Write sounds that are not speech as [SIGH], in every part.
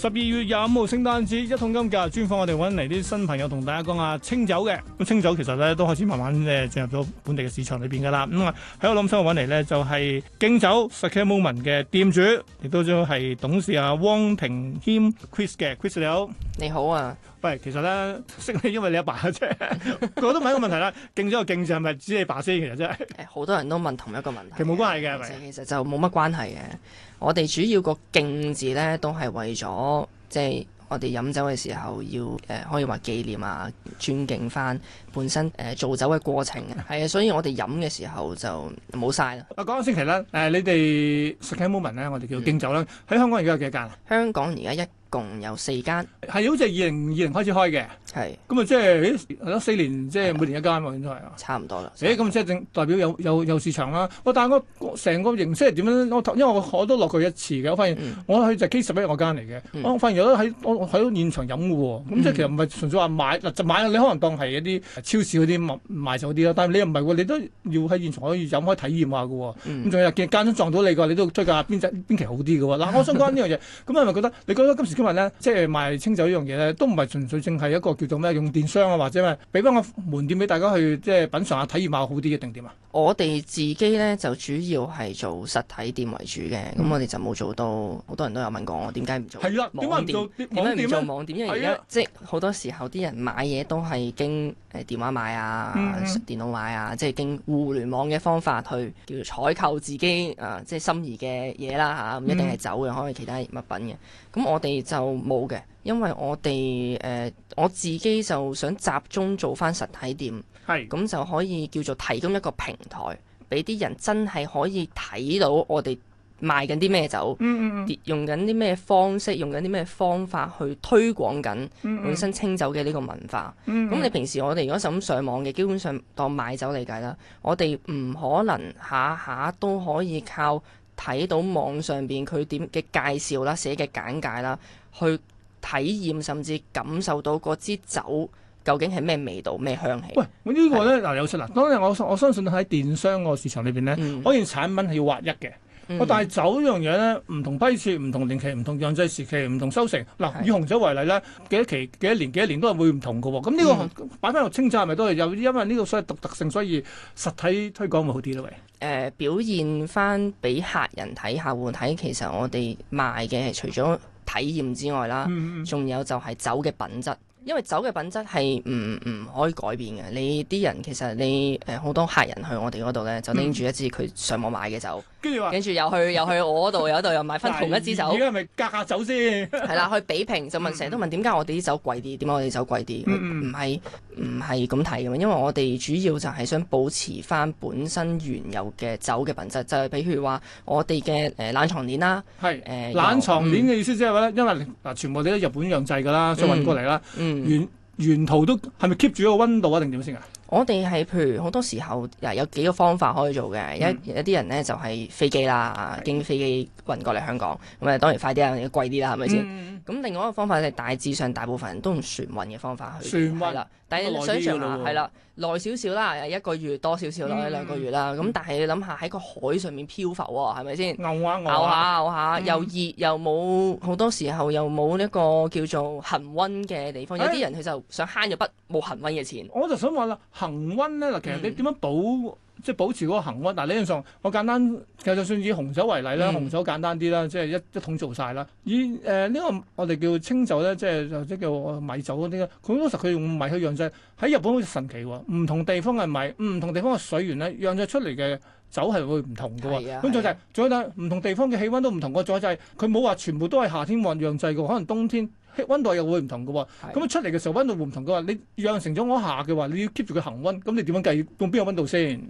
十二月廿五號聖誕節，一桶金價專訪，我哋揾嚟啲新朋友同大家講下清酒嘅。咁清酒其實咧都開始慢慢咧進入咗本地嘅市場裏邊噶啦。咁啊喺我諗想揾嚟咧就係敬酒 Sake Moment 嘅店主，亦都將係董事阿汪廷謙 Chris 嘅，Chris 你好，你好啊。喂，其實咧識你，因為你阿爸啫。我 [LAUGHS] 都問一個問題啦，敬酒嘅敬字係咪指你爸先？其實真係。誒，好多人都問同一個問題。其實冇關係嘅，係。其實就冇乜關係嘅。我哋主要個敬字咧，都係為咗即係我哋飲酒嘅時候要誒、呃，可以話紀念啊、尊敬翻本身誒、呃、做酒嘅過程嘅。係啊， [LAUGHS] 所以我哋飲嘅時候就冇晒啦。啊，講個星期啦，誒、呃，你哋石器 moment 咧，我哋叫敬酒啦。喺、嗯、香港而家有幾多間啊？香港而家一。共有四間，係好似係二零二零開始開嘅，係咁啊，即係誒，咯，四年即係、就是、每年一間喎，的應該係啊，差唔多啦。咁即係代表有有有市場啦。但係我成個形式係點樣，因為我我都落過一次嘅，我發現、嗯、我去就基十一 K11 個間嚟嘅。我發現有都喺喺現場飲嘅喎，咁即係其實唔係純粹話買嗱就買，你可能當係一啲超市嗰啲賣賣酒啲啦。但係你又唔係喎，你都要喺現場可以飲開體驗下嘅喎。咁仲、嗯、有見間中撞到你嘅，你都推介邊隻邊期好啲嘅喎。嗱，我想講呢樣嘢，咁係咪覺得你覺得今時？因為咧，即係賣清酒呢樣嘢咧，都唔係純粹淨係一個叫做咩用電商啊，或者咩俾翻個門店俾大家去即係品嚐下體驗下好啲嘅定點啊？我哋自己咧就主要係做實體店為主嘅。咁我哋就冇做到好多人都有問過我點解唔做網店？點解唔做網店？因為而家即係好多時候啲人買嘢都係經誒電話買啊、電腦買啊，即係經互聯網嘅方法去叫做採購自己啊，即係心儀嘅嘢啦嚇，唔一定係酒嘅，可以其他物品嘅。咁我哋就冇嘅，因為我哋誒、呃、我自己就想集中做翻實體店，咁是就可以叫做提供一個平台，俾啲人真係可以睇到我哋賣緊啲咩酒，嗯嗯嗯用緊啲咩方式，用緊啲咩方法去推廣緊本身清酒嘅呢個文化。咁、嗯嗯、你平時我哋如果咁上網嘅，基本上當買酒嚟計啦。我哋唔可能下下都可以靠睇到網上邊佢點嘅介紹啦、寫嘅簡介啦。去體驗甚至感受到嗰支酒究竟係咩味道、咩香氣。喂，這個、呢個咧嗱有出啦。當然我我相信喺電商個市場裏邊咧，可以、嗯、產品係要劃、嗯、一嘅。但係酒呢樣嘢咧，唔同批次、唔同年期、唔同釀製時期、唔同收成。嗱、啊，是以紅酒為例咧，幾多期、幾多年、幾多年都係會唔同嘅喎。咁呢個擺翻落清酒係咪都係？有因為呢個所謂獨特性，所以實體推廣咪好啲咯？喂。誒，表現翻俾客人睇、客戶睇，其實我哋賣嘅係除咗，體驗之外啦，仲有就係酒嘅品質，因為酒嘅品質係唔唔可以改變嘅。你啲人其實你誒好多客人去我哋嗰度咧，就拎住一支佢上網買嘅酒。跟住又去 [LAUGHS] 又去我嗰度，有度 [LAUGHS] 又買翻同一支酒。而家係咪隔下酒先？係 [LAUGHS] 啦，去比評就問，成日、嗯、都問點解我哋啲酒貴啲？點解我哋酒貴啲？唔係唔係咁睇嘅，因為我哋主要就係想保持翻本身原有嘅酒嘅品質。就係、是、譬如話，我哋嘅誒冷藏鏈啦、啊，係誒是、呃、冷藏鏈嘅意思即係話，嗯、因為嗱全部都日本釀製㗎啦，再運過嚟啦、嗯，嗯，沿途都係咪 keep 住個溫度啊？定點先啊？我哋係譬如好多時候，誒有，有幾個方法可以做嘅、嗯，一有啲人咧就係、是、飛機啦，的經飛機運過嚟香港，咁啊當然快啲啦，但貴啲啦，係咪先？咁另外一個方法就係大致上大部分人都用船運嘅方法去，係啦運。但係你想象下，係啦，耐少少啦，一個月多少少啦，兩個月啦。咁、嗯、但係你諗下喺個海上面漂浮喎、哦，係咪先？咬下咬下，又熱又冇，好多時候又冇呢個叫做恒温嘅地方。欸、有啲人佢就想慳咗筆冇恒温嘅錢。我就想話啦，恒温咧嗱，其實你點樣保？嗯即係保持嗰個恆溫。嗱理論上，我簡單其實就算以紅酒為例啦，嗯、紅酒簡單啲啦，即係一一桶做晒啦。以誒呢、呃呢個我哋叫清酒咧，即係即，即叫米酒嗰啲咧，佢嗰時佢用米去釀製。喺日本好神奇喎、哦，唔同地方嘅米，唔同地方嘅水源咧，釀製出嚟嘅酒係會唔同嘅喎、哦。咁、啊啊、再就係，再睇唔同地方嘅氣溫都唔同。個再就係佢冇話全部都係夏天運釀製嘅，可能冬天溫度又會唔同嘅喎、哦。咁是出嚟嘅時候溫度會唔同嘅話，你釀成咗嗰下嘅話，你要 keep 住佢恒溫，咁你點樣計用邊個溫度先？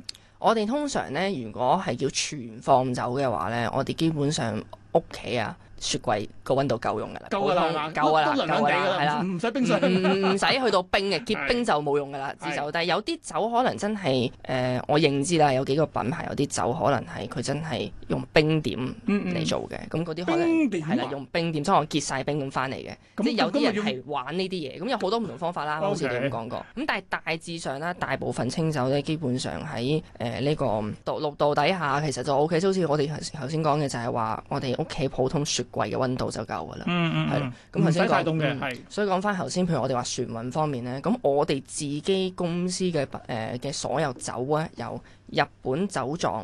我哋通常咧，如果係要全放走嘅話咧，我哋基本上屋企啊，雪櫃個温度夠用㗎啦，夠啊夠啊啦，夠啊啦，係啦，唔使冰水，唔使去到冰嘅結冰就冇用㗎啦。支酒，但係有啲酒可能真係誒，我認知啦，有幾個品牌有啲酒可能係佢真係用冰點嚟做嘅，咁嗰啲可能係啦，用冰點，即係我結晒冰咁翻嚟嘅，即係有啲人係玩呢啲嘢，咁有好多唔同方法啦，好似你咁講過。咁但係大致上啦，大部分清酒咧，基本上喺誒呢個度六度底下其實就 O K，即好似我哋頭先講嘅就係話我哋屋企普通雪櫃嘅温度就夠㗎啦，係、嗯，咁頭先講，所以講翻頭先，譬如我哋話船運方面咧，咁我哋自己公司嘅誒嘅所有酒啊，由日本酒莊，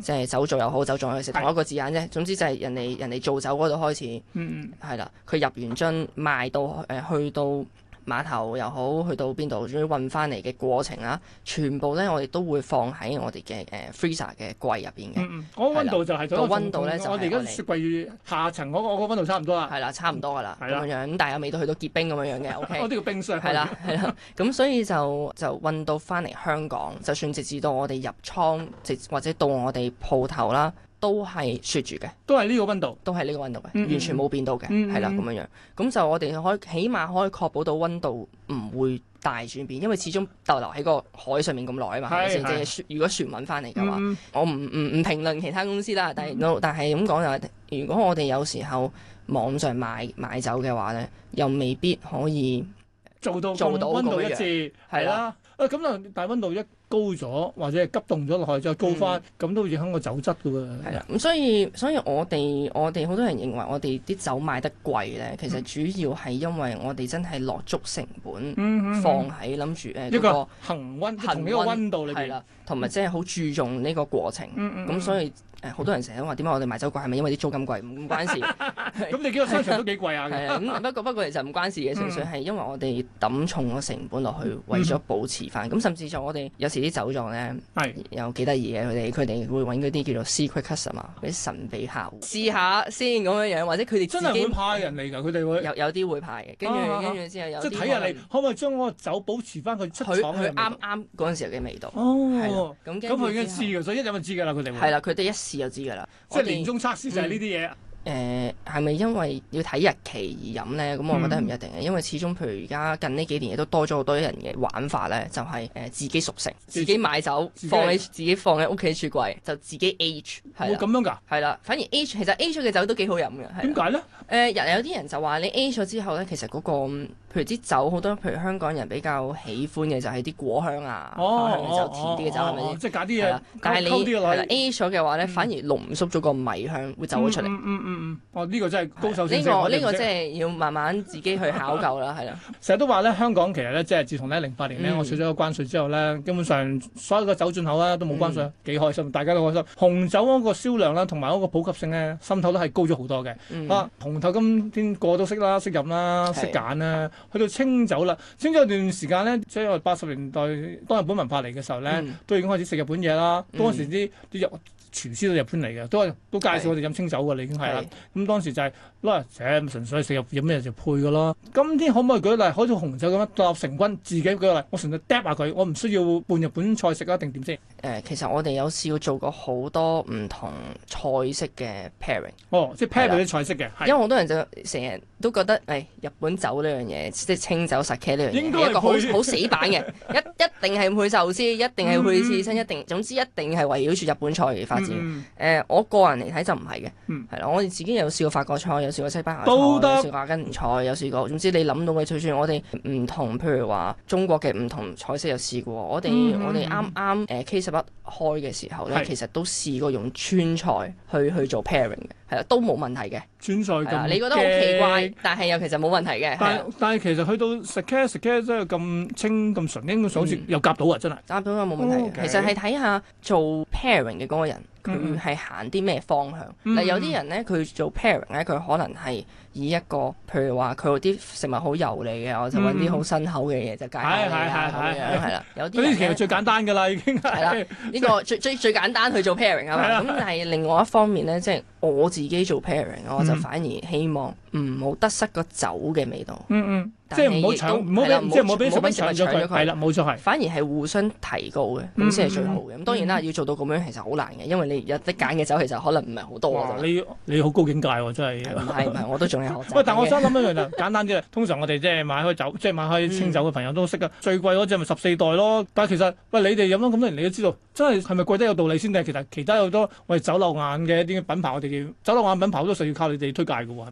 即係、嗯、酒造又好，酒莊，又食同一個字眼啫。的總之就係人哋人哋做酒嗰度開始，係啦、嗯，佢入完樽賣到誒、呃、去到。碼頭又好，去到邊度，仲要運翻嚟嘅過程啦，全部咧我哋都會放喺我哋嘅誒 freezer 嘅櫃入邊嘅。嗯嗯，嗰温的度就係嗰個温度咧就我哋而家雪櫃下層嗰、嗰個嗰温度差唔多啦。係啦，差唔多噶啦，咁的樣樣，但係又未到去到結冰咁樣樣嘅。 [LAUGHS] o okay , K， [LAUGHS] 我呢個冰箱係啦係啦。咁的 [LAUGHS] 所以就就運到翻嚟香港，就算直至到我哋入倉，直至或者到我哋鋪頭啦。都係雪住嘅，都係呢個温度，都係呢個温度嘅，完全冇變到嘅，係啦咁樣樣，咁就我哋可以起碼可以確保到温度唔會大轉變，因為始終逗留喺個海上面咁耐啊嘛，先至船。如果船運翻嚟嘅話，我唔唔唔評論其他公司啦，但係但係咁講就係，如果我哋有時候網上買買走嘅話咧，又未必可以做到做到温度一致，係啦。咁啊，但係温度一。高咗或者係急凍咗落去再高翻，咁都會影響個酒質㗎喎。係啦，咁所以所以我哋我哋好多人認為我哋啲酒賣得貴咧，其實主要係因為我哋真係落足成本，放喺諗住誒一個恒温恆嘅一個温度裏邊，係啦，同埋真係好注重呢個過程，咁所以。好多人成日都話點解我哋賣酒貴，係咪因為啲租金貴？唔關事。咁你幾個商場都幾貴下嘅。不過不過其實唔關事嘅，純粹係因為我哋揼重個成本落去，為咗保持翻。咁甚至就我哋有時啲酒莊咧，係又幾得意嘅。佢哋佢哋會揾嗰啲叫做 secret customer 嗰啲神秘客戶。試下先咁樣樣，或者佢哋真係會派人嚟㗎，佢哋會有有啲會派嘅。跟住跟住之後有。睇下你可唔可以將嗰個酒保持翻佢出廠佢啱啱嗰陣時候嘅味道。哦。咁佢已經試所以有知㗎啦，佢哋。係啦，佢哋一。就知噶啦，即係年終測試就係呢啲嘢啊。誒、嗯，係、呃、咪因為要睇日期而飲咧？咁我覺得唔一定嘅，因為始終譬如而家近呢幾年亦都多咗好多人嘅玩法咧，就係、是、誒、呃、自己熟成，自己，自己買酒己放喺在自己放喺屋企雪櫃，就自己 age 咁樣噶？係啦，反而 age 其實 age 嘅酒都幾好飲嘅。點解咧？誒，人、呃、有啲人就話你 age 咗之後咧，其實嗰、那個。譬如啲酒，好多譬如香港人比較喜歡嘅就係啲果香啊、花香嘅酒，甜啲嘅酒，係咪即係假啲嘢，但係你係 a 咗嘅話咧，反而濃縮咗個米香會走咗出嚟。嗯嗯哦，呢個真係高手，呢個呢個真係要慢慢自己去考究啦，係啦。成日都話咧，香港其實咧，即係自從咧零八年咧，我取咗個關稅之後咧，基本上所有嘅酒進口啦都冇關稅，幾開心，大家都開心。紅酒嗰個銷量啦，同埋嗰個普及性咧，心頭都係高咗好多嘅。啊，紅酒今天個個都識啦，識飲啦，識揀啦。去到清酒啦，清酒有段時間咧，即係八十年代當日本文化嚟嘅時候咧，嗯、都已經開始食日本嘢啦。嗯、當時啲啲肉。廚師到日本嚟嘅，都係都介紹我哋飲清酒㗎啦，是你已經係啦。咁是、嗯、當時就係、是，哇、呃，凈純粹食入飲咩就配嘅咯。今天可唔可以舉例，好似紅酒咁樣立成軍，自己舉例，我純粹 d 下佢，我唔需要配日本菜食啊？定點先？誒、呃，其實我哋有試要做過好多唔同菜式嘅 pairing。哦，即係 pair 啲菜式嘅。因為好多人就成日都覺得誒、哎、日本酒呢樣嘢，即係清酒、sake 呢樣嘢係一個好 [LAUGHS] 好，好死板嘅，一一定係配壽司，一定係配刺身，一定、嗯、總之一定係圍繞住日本菜嚟、嗯、發展。誒，我個人嚟睇就唔係嘅，係啦，我哋自己有試過法國菜，有試過西班牙菜，有試過阿根廷菜，有試過。總之你諗到嘅，就算我哋唔同，譬如話中國嘅唔同菜式有試過。我哋我哋啱啱誒 K 十一開嘅時候咧，其實都試過用川菜去去做 pairing 嘅，係啦，都冇問題嘅。川菜咁，你覺得好奇怪，但係又其實冇問題嘅。但但係其實去到食菜食菜即係咁清咁純，應該所住又夾到啊，真係夾到啊冇問題。其實係睇下做 pairing 嘅嗰個人。係行啲咩方向？嗱、嗯嗯嗯，有啲人咧，佢做 pairing 咧，佢可能係，以一個，譬如話佢啲食物好油膩嘅，我就揾啲好新口嘅嘢就解下佢啊，咁樣啦。嗰啲其實最簡單嘅啦，已經係啦。呢個最最最簡單去做 pairing。咁但係另外一方面咧，即係我自己做 pairing，我就反而希望唔好得失個酒嘅味道。即係唔好搶，唔好俾食物搶咗佢。係啦，冇錯係。反而係互相提高嘅，咁先係最好嘅。咁當然啦，要做到咁樣其實好難嘅，因為你有得揀嘅酒其實可能唔係好多。你你好高境界喎，真係。唔係唔係，我都仲係。喂，但我想諗一樣啊，簡單啲啊，通常我哋即係買開酒，即係買開清酒嘅朋友都識啊。嗯、最貴嗰隻咪十四代咯。但係其實，喂，你哋飲咗咁多年，你都知道，真係係咪貴得有道理先？定係其實其他好多喂走漏眼嘅一啲品牌，我哋叫走漏眼品牌好多需要靠你哋推介嘅喎。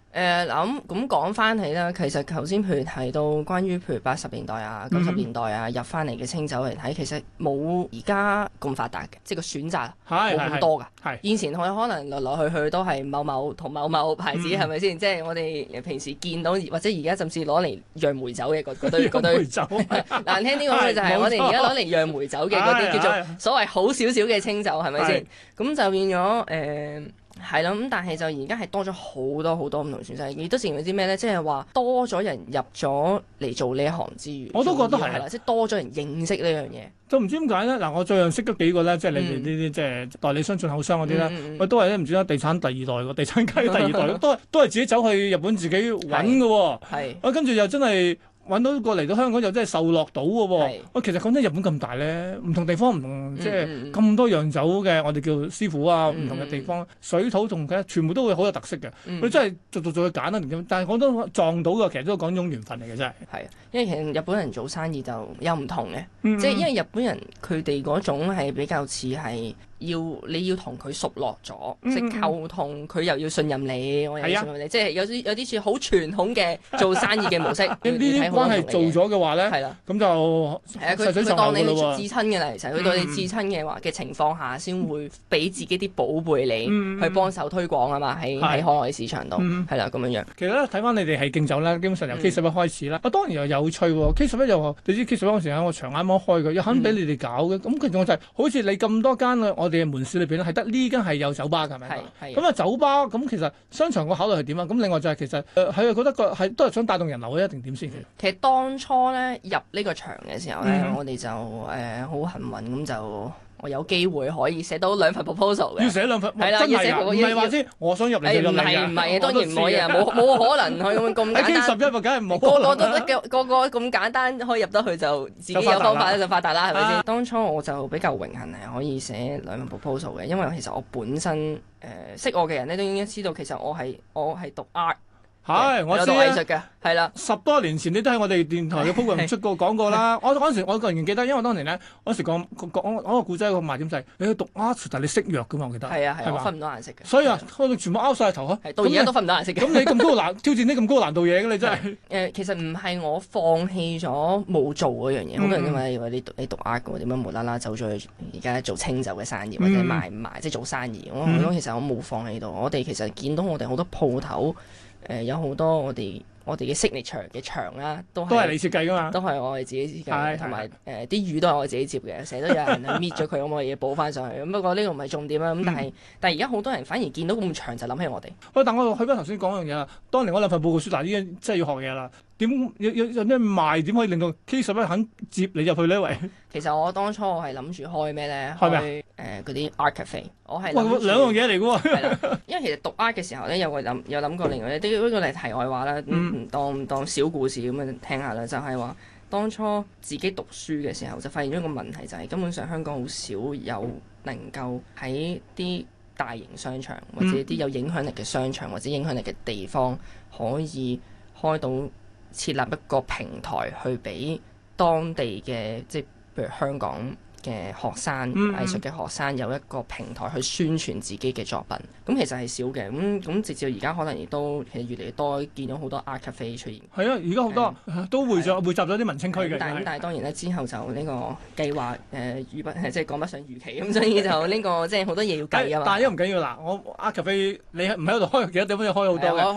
嗱，咁咁講翻起啦，其實頭先譬如提到關於譬如八十年代啊、九十年代啊入翻嚟嘅清酒嚟睇，其實冇而家咁發達嘅，即係個選擇冇咁多㗎。以前可能來來去去都係某某同某某牌子，係咪先？即係我哋。你平時見到，或者而家甚至攞嚟釀梅酒嘅嗰堆，嗰堆，堆酒 [LAUGHS] 難聽啲講就係我哋而家攞嚟釀梅酒嘅嗰啲叫做所謂好少少嘅清酒，係咪先？咁是就變咗誒。呃係咯，咁但係就而家係多咗好多好多唔同選擇，亦都證明咗啲咩咧？即係話多咗人入咗嚟做呢一行之餘，我都覺得係啦，即係多咗人認識呢樣嘢。就唔知點解咧？嗱，我最近識得幾個咧，即係你哋呢啲即係代理商進口商嗰啲咧，佢、嗯、都係唔知咧，地產第二代，個地產界第二代 [LAUGHS] 都係都係自己走去日本自己揾噶喎。啊，跟住又真係。揾到個嚟到香港又真係受落到嘅喎，是其實講真，日本咁大咧，唔同地方唔同，嗯、即係咁多樣酒嘅，我哋叫師傅啊，唔、嗯、同嘅地方，水土同佢全部都會好有特色嘅，佢、嗯、真係做做做去揀咯，但係我都撞到嘅，其實都係講一種緣分嚟嘅真係。啊，因為其實日本人做生意就有唔同嘅，即係、嗯、因為日本人佢哋嗰種係比較似係。要你要同佢熟絡咗，即係溝通，佢又要信任你。我又要信任你，即係有啲有啲似好傳統嘅做生意嘅模式。呢啲關係做咗嘅話咧，咁就實在實在㗎喎。至親嘅嚟，其實佢對你至親嘅話嘅情況下，先會俾自己啲寶貝你去幫手推廣啊嘛。喺喺海外市場度，係啦咁樣樣。其實咧，睇翻你哋係敬酒咧，基本上由 K11 開始啦。啊，當然又有趣喎。K11 又話：你知 K11 嗰陣時，我長眼網開佢，又肯俾你哋搞嘅。咁佢仲就係好似你咁多間我哋嘅門市裏邊咧，係得呢間係有酒吧嘅，係咪啊？係。咁啊，酒吧咁其實商場個考慮係點啊？咁另外就係其實誒，係、呃、覺得個係都係想帶動人流嘅，一定點先？其實當初咧入呢個場嘅時候咧，嗯、我哋就誒好、呃、幸運咁就。我有機會可以寫到兩份 proposal 嘅，要寫兩份，係啦，真係唔係話我想入嚟唔係唔係，當然唔可以啊，冇冇可能去咁簡單。K11 咪梗係冇，個個都得嘅，個個咁簡單可以入得去就自己有方法咧就發達啦，係咪先？當初我就比較榮幸係可以寫兩份 proposal 嘅，因為其實我本身誒識我嘅人咧都已經知道，其實我係我係讀 art。係，我做藝術嘅，係啦。十多年前，你都喺我哋電台嘅 program 出過講過啦。我嗰陣時，我個人記得，因為當年咧，嗰陣時講講講個故仔個賣點就係，你去讀 art，但係你識藥㗎嘛？我記得。係啊係，分唔到顏色嘅。所以啊，全部拗晒頭啊！到而家都分唔到顏色嘅。咁你咁高難挑戰啲咁高難度嘢，嘅，你真係誒？其實唔係我放棄咗冇做嗰樣嘢，好多人因為你你讀 art 嘅，點解無啦啦走咗去而家做清酒嘅生意或者賣唔賣即係做生意？我覺得其實我冇放棄到，我哋其實見到我哋好多鋪頭。誒、呃、有好多我哋我哋嘅 signature 牆嘅牆啦，都都係你設計㗎嘛？都係我哋自己設計，同埋誒啲魚都係我自己接嘅，成日都有人搣咗佢，咁 [LAUGHS] 我咪嘢補翻上去。咁不過呢個唔係重點啦、啊。咁但係、嗯、但係而家好多人反而見到咁長就諗起我哋。喂、嗯，但我去返頭先講一樣嘢啦。當年我兩份報告書，嗱呢啲真係要學嘢啦。有有有點有有有咩賣？點可以令到 K 十一肯接你入去呢喂， [LAUGHS] 其實我當初我係諗住開咩咧？係咪？誒、呃，嗰啲 art cafe 我係兩樣嘢嚟噶喎。係啦、啊， [LAUGHS] 因為其實讀 art 嘅時候咧，有個諗有諗過另外一啲，例過嚟題外話啦，嗯嗯、當當小故事咁樣聽下啦。就係、是、話當初自己讀書嘅時候，就發現咗一個問題、就是，就係根本上香港好少有能夠喺啲大型商場或者啲有影響力嘅商場或者影響力嘅地方可以開到。設立一個平台去俾當地嘅，即係譬如香港嘅學生藝術嘅學生有一個平台去宣傳自己嘅作品，咁其實係少嘅。咁咁直至到而家可能亦都其實越嚟越多見到好多 art cafe 出現。係啊，而家好多都匯咗集咗啲文青區嘅。但係當然咧，之後就呢個計劃誒預不即係趕不上預期，咁所以就呢個即係好多嘢要計，但係都唔緊要嗱，我 art cafe 你唔喺度開，其他地方又開好多，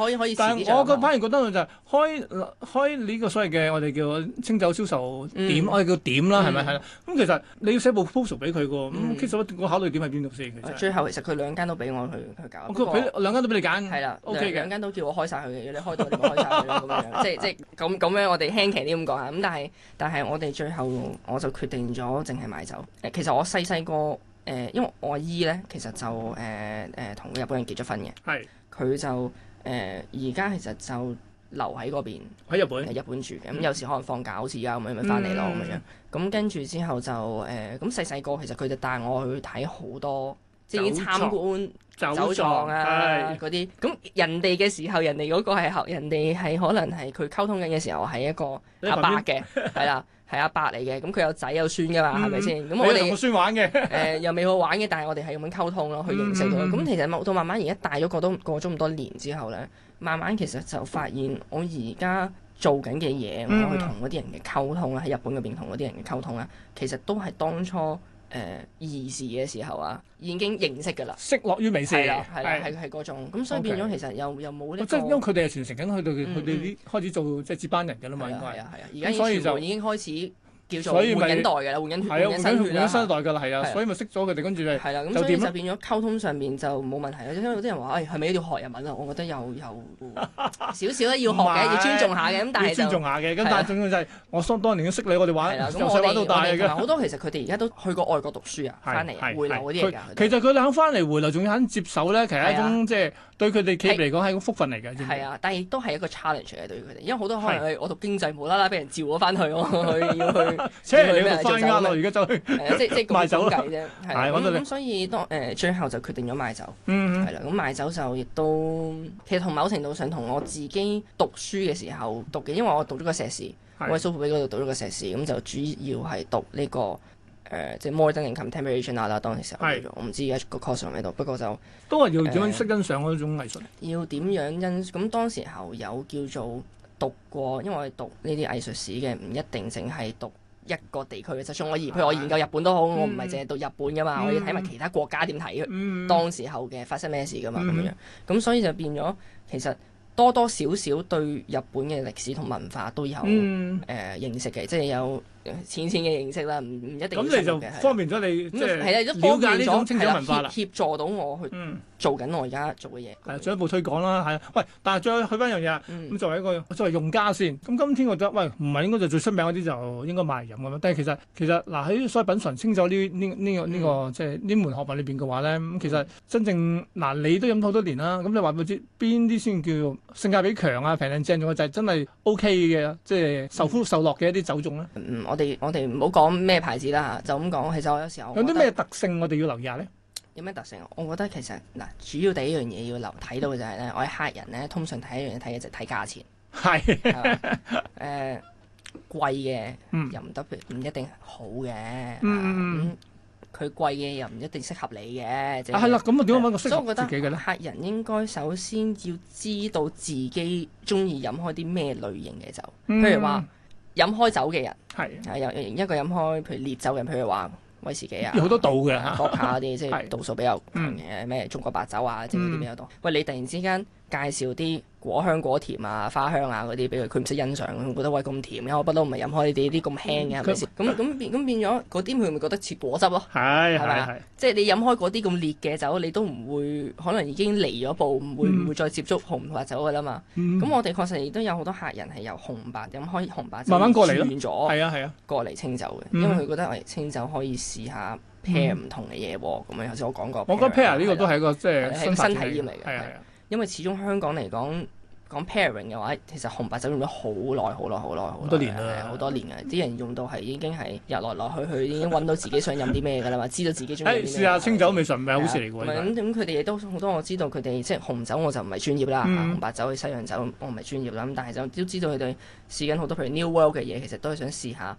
我反而覺得就係開開呢個所謂嘅我哋叫清酒銷售點，我哋叫點啦，係咪係咁其實寫部 proposal 俾佢個咁，其實我考慮點係邊度先？其實、嗯、最後其實佢兩間都俾我去去搞。佢俾過兩間都俾你揀。係啦，O K 兩間都叫我開晒佢嘅， [LAUGHS] 要你開到就開晒佢啦咁即即咁咁樣，樣樣我哋輕輕啲咁講嚇。咁但係但係我哋最後我就決定咗，淨係買走。誒，其實我細細個誒，因為我阿姨咧，其實就誒誒同日本人結咗婚嘅。係。 [LAUGHS] 佢就誒而家其實就。呃留喺嗰邊，喺日本，喺日本住嘅。咁有時可能放假好似啊，咁樣咪翻嚟咯，咁樣咁，跟住之後就誒，咁細細個其實佢就帶我去睇好多，即係已經參觀酒莊啊嗰啲，咁人哋嘅時候，人哋嗰個係人哋係可能係佢溝通緊嘅時候係一個阿伯嘅，係啦，係阿伯嚟嘅。咁佢有仔有孫噶嘛，係咪先？咁我哋有孫玩嘅，誒又未好玩嘅，但係我哋係咁溝通咯，去認識到。咁其實到慢慢而家大咗過都過咗咁多年之後咧。慢慢其實就發現，我現，我而家做緊嘅嘢，我去同嗰啲人嘅溝通啊，喺日本嗰邊同嗰啲人嘅溝通啊，其實都係當初誒兒時嘅時候啊，已經認識㗎啦，色落於眉睫啦，係係係嗰種。咁所以變咗其實又又冇呢、這個，即係、嗯就是、因為佢哋係傳承緊去到佢哋啲開始做即係接班人㗎啦嘛，應該係啊係啊，而家、啊啊啊、已，已經開始。叫做換新代嘅啦，換新換新血啦，換新代噶啦，係啊，所以咪識咗佢哋，跟住就係。係啦，咁所以就變咗溝通上面就冇問題啦。因為有啲人話，哎，係咪一定要學日文啊？我覺得又有少少都要學嘅，要尊重下嘅。咁但係尊重下嘅。咁但係最重要就係我當年識你，我哋玩從細到大嘅。好多其實佢哋而家都去過外國讀書啊，翻嚟回流嗰啲啊。其實佢哋肯翻嚟回流，仲要肯接受咧，其實一種即係。對佢哋企業嚟講係一個福分嚟嘅，係是啊，但係亦都係一個 challenge 嘅，對於佢哋，因為好多可能我讀經濟是無啦啦俾人召咗翻去，我要去，即係 [LAUGHS] 你個 friend 而家走現在，現在去賣酒啦，係啊、嗯，咁計啫，咁、哎、所以當誒、呃、最後就決定咗賣酒。係啦、嗯嗯，咁賣酒就亦都其實同某程度上同我自己讀書嘅時候讀嘅，因為我讀咗個碩士，的我喺蘇富比嗰度讀咗個碩士，咁就主要係讀呢、這個。誒，uh, 即係 modern 定 contemporary 啦，當其時，時候。我唔知而家個 course 上喺度，不過就都係要點樣認識欣賞嗰種藝術。Uh, 要點樣欣？咁當時候有叫做讀過，因為我讀呢啲藝術史嘅唔一定淨係讀一個地區嘅作品，就算我譬如我研究日本都好，啊、我唔係淨係讀日本㗎嘛，嗯、我要睇埋其他國家點睇嘅。嗯，當時候嘅發生咩事㗎嘛，咁、嗯、樣。咁所以就變咗，其實多多少少對日本嘅歷史同文化都有誒認識嘅，即係有。淺淺嘅認識啦，唔唔一定咁，你就方便咗你即係瞭解呢種清酒文化啦，協，協助到我去、嗯、做緊我而家做嘅嘢。係啊的，進對一步推廣啦。係啊，喂，但係再去翻樣嘢啊。咁、嗯、作為一個作為用家先，咁今天我覺得，喂，唔係應該就最出名嗰啲就應該買嚟飲㗎嘛。但係其實其實嗱喺、啊、所謂品嚐清酒呢呢呢個呢、這個即係呢門學問裏邊嘅話咧，咁其實真正嗱、啊、你都飲好多年啦。咁你話俾我知邊啲先叫性價比強啊，平靚正仲有就係、是、真係 OK 嘅，即、就、係、是、受歡受落嘅一啲酒種咧。嗯我哋唔好講咩牌子啦，就咁講。其實我有時候有啲咩特性我哋要留意下呢？有咩特性？我覺得其實嗱，主要第一樣嘢要留睇到嘅就係咧，我哋客人咧通常睇一樣嘢睇嘅就係睇價錢。係。 [LAUGHS] 誒、呃，貴嘅又唔得，唔、嗯、一定好嘅。佢貴嘅又唔一定適合你嘅。啊，係啦，咁、嗯、啊，點、啊嗯、樣搵個適合自己嘅咧？所以我覺得我客人應該首先要知道自己中意飲開啲咩類型嘅酒，譬如話。嗯飲開酒嘅人係係有一個飲開，譬如烈酒嘅人，譬如話威士忌啊，有好多度嘅嚇，國卡嗰啲即係度數比較，誒咩、嗯、中國白酒啊，即係嗰啲比較多。嗯、喂，你突然之間～介紹啲果香果甜啊、花香啊嗰啲俾佢，佢唔識欣賞，覺得喂，咁甜嘅，我不嬲唔係飲開你哋啲咁輕嘅，係咪先？咁咁變咁變咗嗰啲，佢咪覺得似果汁咯？係係咪？即係你飲開嗰啲咁烈嘅酒，你都唔會可能已經離咗步，唔會唔會再接觸紅白酒嘅啦嘛。咁我哋確實亦都有好多客人係由紅白飲開紅白酒慢慢過嚟咯，轉咗係啊係啊，過嚟清酒嘅，因為佢覺得清酒可以試下 pair 唔同嘅嘢喎。咁樣頭先我講過，我覺得 pair 呢個都係一個即係新體驗嚟嘅。因為始終香港嚟講講 pairing 嘅話，其實紅白酒用咗好耐，好耐，好耐，好多年好多年嘅，啲人用到係已經係嚟嚟去去，已經揾到自己想飲啲咩㗎啦嘛， [LAUGHS] 知道自己中意。誒，試下清酒未嘗唔係好事嚟㗎？咁咁佢哋亦都好多我知道佢哋即係紅酒我就唔係專業啦，嗯、紅白酒去西洋酒我唔係專業啦，咁但係就都知道佢哋試緊好多譬如 New World 嘅嘢，其實都係想試下，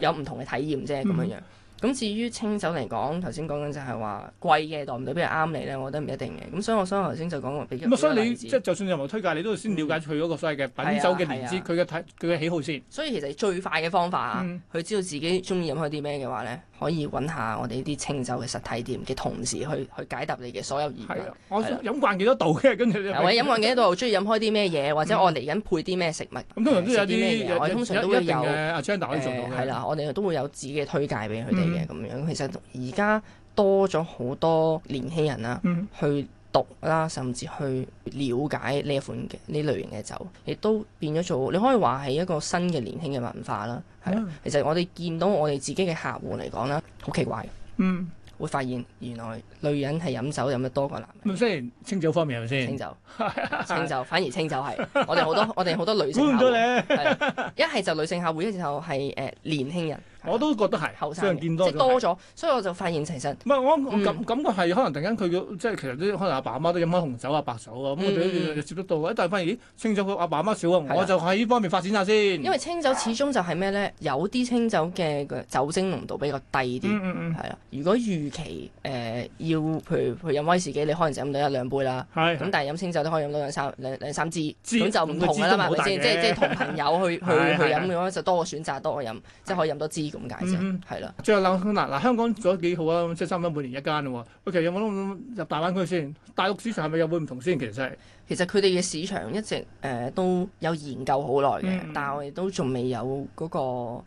有唔同嘅體驗啫咁樣樣。嗯嗯。咁至於清酒嚟講，頭先講緊就係話貴嘅代唔代表係啱你咧，我覺得唔一定嘅。咁所以我所以頭先就講話比較。咁啊，所以你即係就算任何推介，你都要先了解佢嗰個所謂嘅品酒嘅年資，佢嘅睇佢嘅喜好先。所以其實最快嘅方法，佢知道自己中意飲開啲咩嘅話咧，可以揾下我哋啲清酒嘅實體店嘅同事去去解答你嘅所有疑問。我飲慣幾多度嘅，跟住咧。我飲慣幾多度？中意飲開啲咩嘢？或者我嚟緊配啲咩食物？咁通常都有啲咩嘢？我通常都會有誒，阿 j a 啦，我哋都會有嘅推介俾佢哋。咁樣，嗯、其實而家多咗好多年輕人啦，去讀啦，嗯、甚至去了解呢一款嘅呢類型嘅酒，亦都變咗做你可以話係一個新嘅年輕嘅文化啦。係，嗯、其實我哋見到我哋自己嘅客戶嚟講啦，好奇怪，嗯，會發現原來女人係飲酒飲得多過男人。雖然清酒方面係咪先？清酒， [LAUGHS] 清酒反而清酒係 [LAUGHS] 我哋好多，我哋好多女性客戶，一係就女性客戶嘅時候係誒年輕人。我都覺得係，後生見多即多咗，所以我就發現其實唔係，我感感覺係可能突然間佢，即係其實啲可能阿爸阿媽都飲開紅酒啊、白酒啊，咁我哋接得到，一但係發現咦，清酒阿爸阿媽少啊，我就喺呢方面發展下先。因為清酒始終就係咩咧？有啲清酒嘅酒精濃度比較低啲，係啦。如果預期誒要譬如去飲威士忌，你可能就飲到一兩杯啦，咁但係飲清酒都可以飲到兩三兩兩三支，咁就唔同啦嘛，即係即係同朋友去去去飲嘅話就多個選擇，多個飲，即係可以飲到支。咁解啫，係、嗯、的啦。最後嗱嗱，香港做得幾好啊？即係差唔多每年一間咯喂，其實有冇諗入大灣區先，大陸市場係咪又會唔同先？其實係。其實佢哋嘅市場一直誒、呃、都有研究好耐嘅，嗯、但係我哋都仲未有嗰、嗰個，我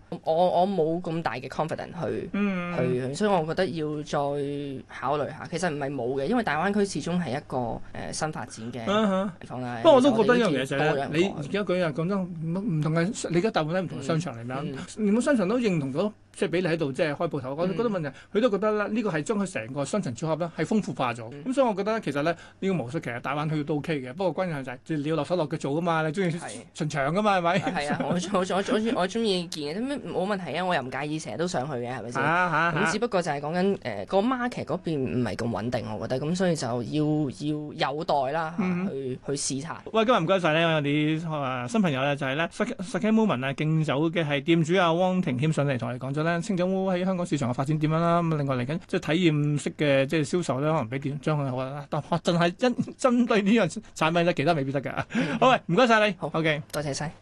我冇咁大嘅 confidence 去、嗯、去，所以我覺得要再考慮下。其實唔係冇嘅，因為大灣區始終係一個誒、呃、新發展嘅地方啦。不過我都覺得一樣嘢就係你而家講嘢講得唔同嘅，你而家大部分都唔同嘅商場嚟㗎，對嗯、連商場都認同咗。即係俾你喺度即係開鋪頭，我覺得問題佢都覺得咧，呢、這個係將佢成個雙層組合咧係豐富化咗。咁、嗯啊、所以我覺得其實咧呢、這個模式其實大玩佢都 OK 嘅。不過關鍵就係你要落手落腳做噶嘛，你中意巡場噶嘛係咪？係是嗎啊，我 [LAUGHS] 我我中意見，都冇問題啊！我又唔介意成日都上去嘅，係咪先？係咁、啊啊啊啊、只不過就係講緊誒個 market 嗰邊唔係咁穩定，我覺得咁所以就要要有待啦，啊、去、嗯、去試視察。喂，今日唔該晒咧，我哋新朋友咧就係、是、咧 second moment 啊，敬酒嘅係店主阿汪廷謙上嚟同你講咗。咧，清酒屋喺香港市場嘅發展點樣啦？咁另外嚟緊即係體驗式嘅即係銷售咧，可能比店張好啊。但係淨係因針對呢樣產品得，其他未必得㗎。嗯、好，唔該晒你。好，OK，多謝晒。